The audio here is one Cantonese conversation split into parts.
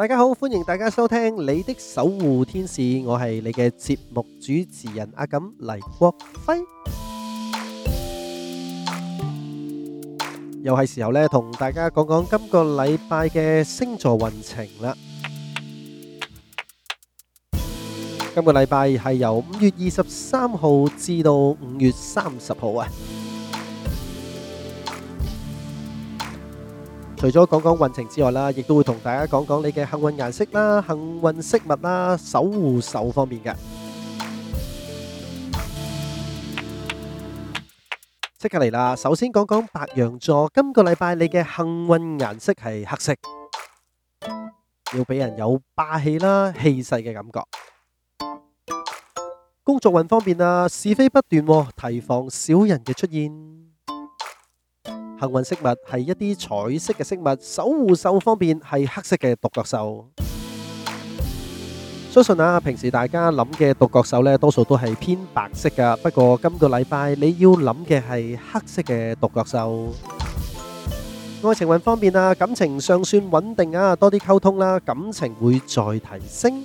大家好，歡迎大家收聽你的守護天使，我係你嘅節目主持人阿錦黎國輝，又係時候咧同大家講講今個禮拜嘅星座運程啦。今個禮拜係由五月二十三號至到五月三十號啊。除咗講講運程之外啦，亦都會同大家講講你嘅幸運顏色啦、幸運飾物啦、守護獸方面嘅。即刻嚟啦！首先講講白羊座，今個禮拜你嘅幸運顏色係黑色，要俾人有霸氣啦、氣勢嘅感覺。工作運方面啊，是非不斷，提防小人嘅出現。幸運飾物係一啲彩色嘅飾物，守護獸方面係黑色嘅獨角獸。相信啊，平時大家諗嘅獨角獸呢，多數都係偏白色噶。不過今個禮拜你要諗嘅係黑色嘅獨角獸。愛情運方面啊，感情尚算穩定啊，多啲溝通啦，感情會再提升。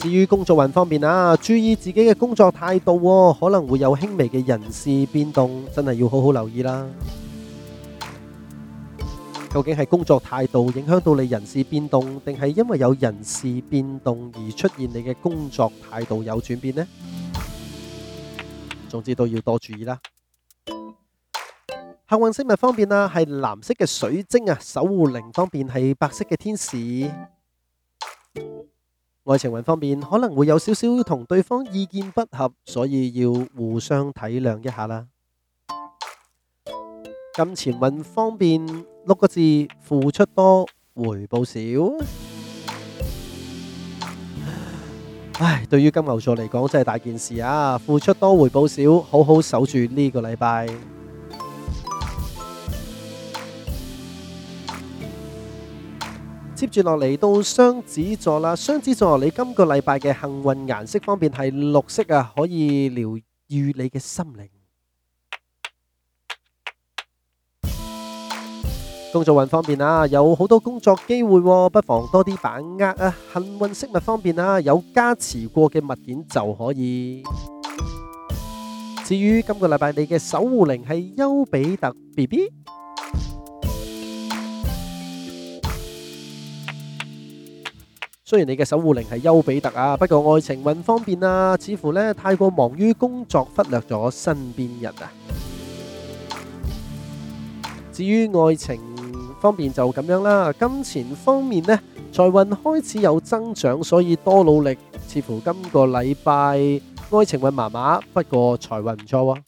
至於工作運方面啊，注意自己嘅工作態度哦，可能會有輕微嘅人事變動，真係要好好留意啦。究竟係工作態度影響到你人事變動，定係因為有人事變動而出現你嘅工作態度有轉變呢？總之都要多注意啦。幸運飾物方面啊，係藍色嘅水晶啊，守護靈方面係白色嘅天使。愛情運方面，可能會有少少同對方意見不合，所以要互相體諒一下啦。金錢運方面六個字，付出多，回報少。唉，對於金牛座嚟講真係大件事啊！付出多，回報少，好好守住呢個禮拜。接住落嚟到雙子座啦，雙子座你今個禮拜嘅幸運顏色方面係綠色啊，可以療愈你嘅心靈。工作運方面啊，有好多工作機會，不妨多啲把握啊。幸運飾物方面啊，有加持過嘅物件就可以。至於今個禮拜你嘅守護靈係邱比特 bb。雖然你嘅守護靈係邱比特啊，不過愛情運方面啊，似乎呢太過忙於工作，忽略咗身邊人啊。至於愛情方面就咁樣啦，金錢方面呢，財運開始有增長，所以多努力。似乎今個禮拜愛情運麻麻，不過財運唔錯啊。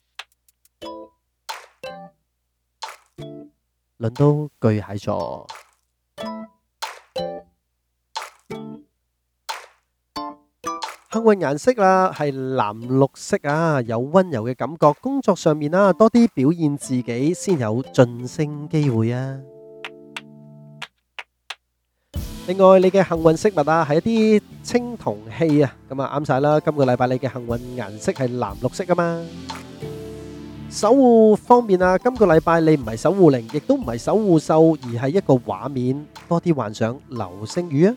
輪到巨蟹座。幸運顏色啦，係藍綠色啊，有温柔嘅感覺。工作上面啦，多啲表現自己先有晉升機會啊。另外，你嘅幸運飾物啊，係一啲青銅器啊，咁啊啱晒啦。今個禮拜你嘅幸運顏色係藍綠色噶嘛。守護方面啊，今個禮拜你唔係守護靈，亦都唔係守護獸，而係一個畫面，多啲幻想流星雨啊。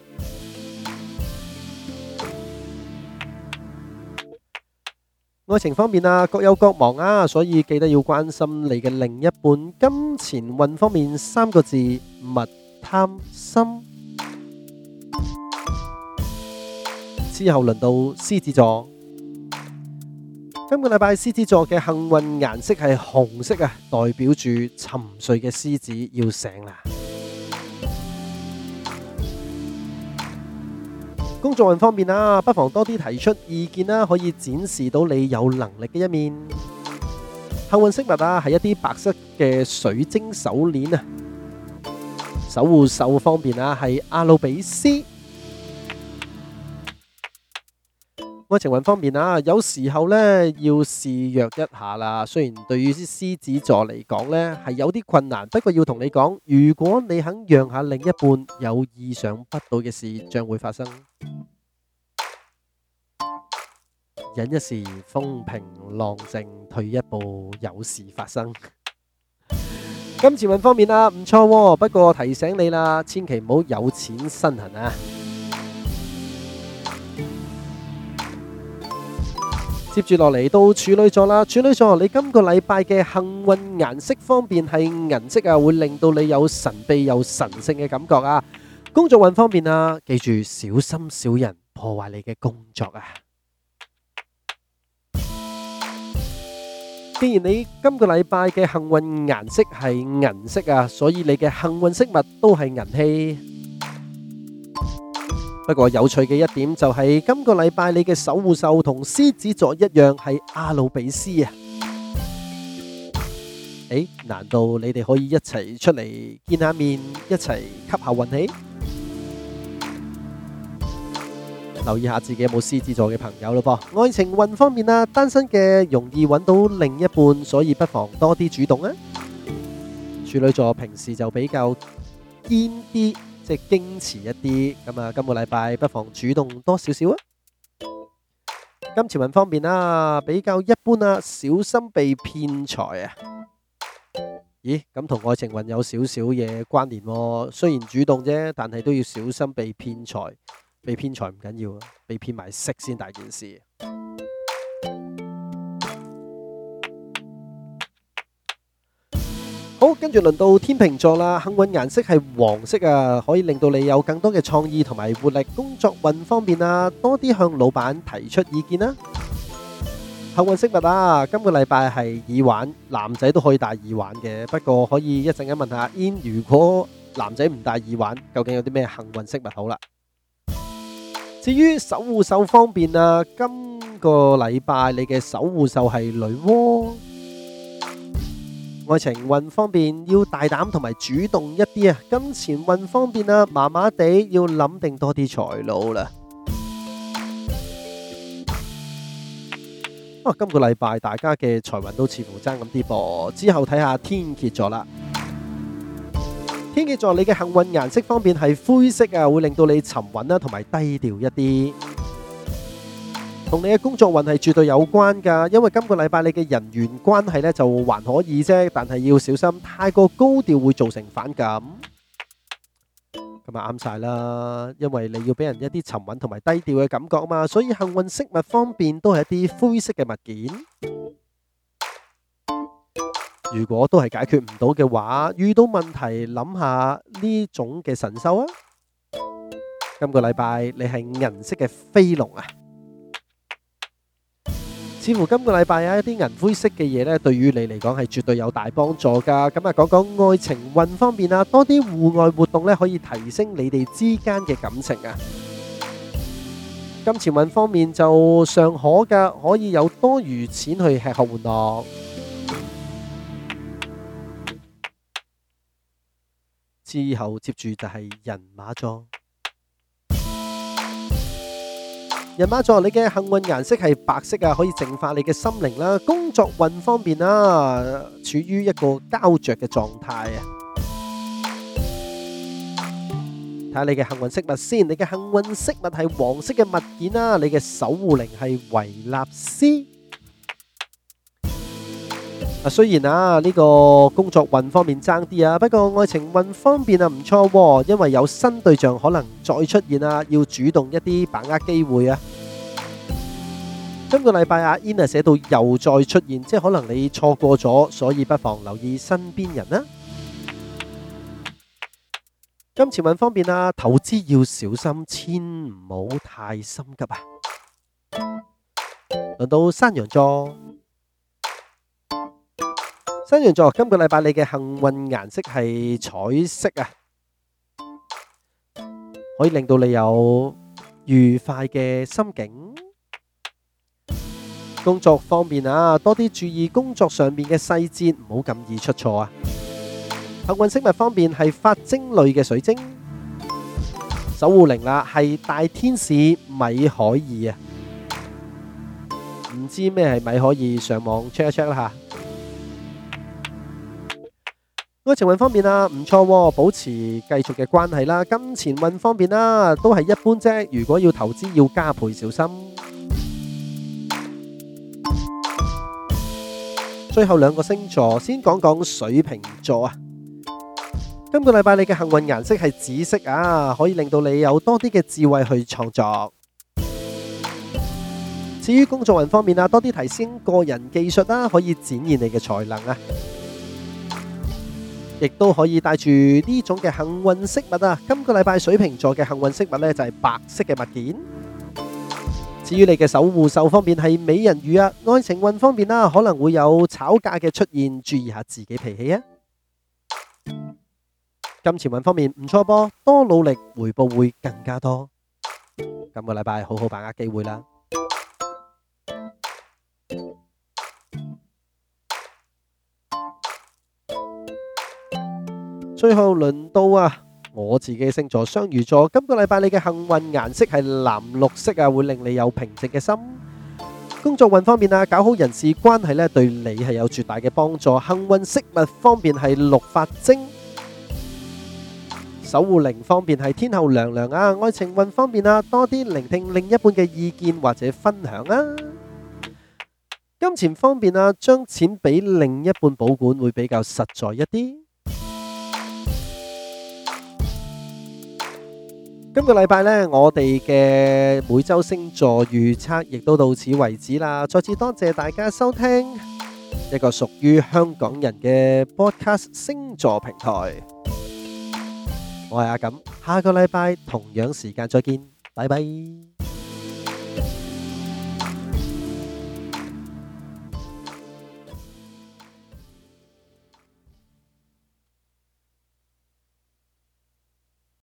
愛情方面啊，各有各忙啊，所以記得要關心你嘅另一半。金錢運方面，三個字勿貪心。之後輪到獅子座，今個禮拜獅子座嘅幸運顏色係紅色啊，代表住沉睡嘅獅子要醒啦。工作運方面啊，不妨多啲提出意見啦，可以展示到你有能力嘅一面。幸運飾物啊，係一啲白色嘅水晶手鏈啊。守護獸方面啊，係阿努比斯。愛情運方面啊，有時候咧要示弱一下啦。雖然對於啲獅子座嚟講咧係有啲困難，不過要同你講，如果你肯讓下另一半，有意想不到嘅事將會發生。忍一時風平浪靜，退一步有事發生。今次運方面啊，唔錯喎，不過提醒你啦，千祈唔好有錢身痕啊。接住落嚟，到處女座啦，處女座，你今個禮拜嘅幸運顏色方面係銀色啊，會令到你有神秘又神聖嘅感覺啊。工作運方面啊，記住小心小人破壞你嘅工作啊。既然你今個禮拜嘅幸運顏色係銀色啊，所以你嘅幸運飾物都係銀器。不過有趣嘅一點就係今個禮拜你嘅守護獸同獅子座一樣係阿努比斯啊！誒，難道你哋可以一齊出嚟見下面，一齊吸下運氣？留意下自己有冇獅子座嘅朋友咯噃。愛情運方面啦、啊，單身嘅容易揾到另一半，所以不妨多啲主動啊！處女座平時就比較堅啲。即係矜持一啲，咁啊今個禮拜不妨主動多少少啊！金錢運方面啦、啊，比較一般啦、啊，小心被騙財啊！咦，咁同愛情運有少少嘢關聯、啊，雖然主動啫，但係都要小心被騙財。被騙財唔緊要啊，被騙埋色先大件事、啊。跟住輪到天秤座啦，幸運顏色係黃色啊，可以令到你有更多嘅創意同埋活力。工作運方面啊，多啲向老闆提出意見啦。幸運飾物啊，今個禮拜係耳環，男仔都可以戴耳環嘅，不過可以一陣間問下 In，如果男仔唔戴耳環，究竟有啲咩幸運飾物好啦？至於守護獸方面啊，今個禮拜你嘅守護獸係女媧。愛情運方面要大膽同埋主動一啲啊！金錢運方面啊，麻麻地要諗定多啲財路啦。啊，今個禮拜大家嘅財運都似乎爭咁啲噃，之後睇下天蠍座啦。天蠍座你嘅幸運顏色方面係灰色啊，會令到你沉穩啦，同埋低調一啲。同你嘅工作運係絕對有關噶，因為今個禮拜你嘅人緣關係呢就還可以啫，但係要小心，太過高調會造成反感。咁啊啱晒，啦，因為你要俾人一啲沉穩同埋低調嘅感覺啊嘛，所以幸運飾物方面都係一啲灰色嘅物件。如果都係解決唔到嘅話，遇到問題諗下呢種嘅神獸啊。今個禮拜你係銀色嘅飛龍啊！似乎今個禮拜有一啲銀灰色嘅嘢咧，對於你嚟講係絕對有大幫助噶。咁啊，講講愛情運方面啊，多啲戶外活動可以提升你哋之間嘅感情啊。金錢運方面就尚可噶，可以有多餘錢去吃喝玩樂。之後接住就係人馬座。人馬座，你嘅幸運顏色係白色啊，可以淨化你嘅心靈啦。工作運方面啦，處於一個膠着嘅狀態啊。睇下你嘅幸運飾物先，你嘅幸運飾物係黃色嘅物件啦。你嘅守護靈係維納斯。啊，雖然啊呢個工作運方面爭啲啊，不過愛情運方面啊唔錯，因為有新對象可能再出現啊，要主動一啲，把握機會啊。今個禮拜阿 In 啊寫到又再出現，即係可能你錯過咗，所以不妨留意身邊人啦。金錢運方面啊，投資要小心，千唔好太心急啊。輪到山羊座。山羊座今個禮拜你嘅幸運顏色係彩色啊，可以令到你有愉快嘅心境。工作方面啊，多啲注意工作上面嘅細節，唔好咁易出錯啊。幸運飾物方面係髮晶類嘅水晶，守護靈啦係大天使米海爾啊，唔知咩係米海爾，上網 check 一 check 啦吓。愛情運方面啊，唔錯，保持繼續嘅關係啦。金錢運方面啦，都係一般啫。如果要投資，要加倍小心。最後兩個星座，先講講水瓶座啊。今個禮拜你嘅幸運顏色係紫色啊，可以令到你有多啲嘅智慧去創作。至於工作運方面啊，多啲提升個人技術啦，可以展現你嘅才能啊。亦都可以帶住呢種嘅幸運飾物啊！今個禮拜水瓶座嘅幸運飾物呢，就係白色嘅物件。至於你嘅守護獸方面係美人魚啊，愛情運方面啦，可能會有吵架嘅出現，注意下自己脾氣啊。金錢運方面唔錯噃，多努力回報會更加多。今個禮拜好好把握機會啦。最後輪到啊，我自己星座雙魚座，今個禮拜你嘅幸運顏色係藍綠色啊，會令你有平靜嘅心。工作運方面啊，搞好人事關係呢，對你係有絕大嘅幫助。幸運飾物方面係綠髮晶，守護靈方面係天后娘娘啊。愛情運方面啊，多啲聆聽另一半嘅意見或者分享啊。金錢方面啊，將錢俾另一半保管會比較實在一啲。今個禮拜呢，我哋嘅每周星座預測亦都到此為止啦。再次多謝大家收聽一個屬於香港人嘅 Podcast 星座平台。我係阿感，下個禮拜同樣時間再見，拜拜。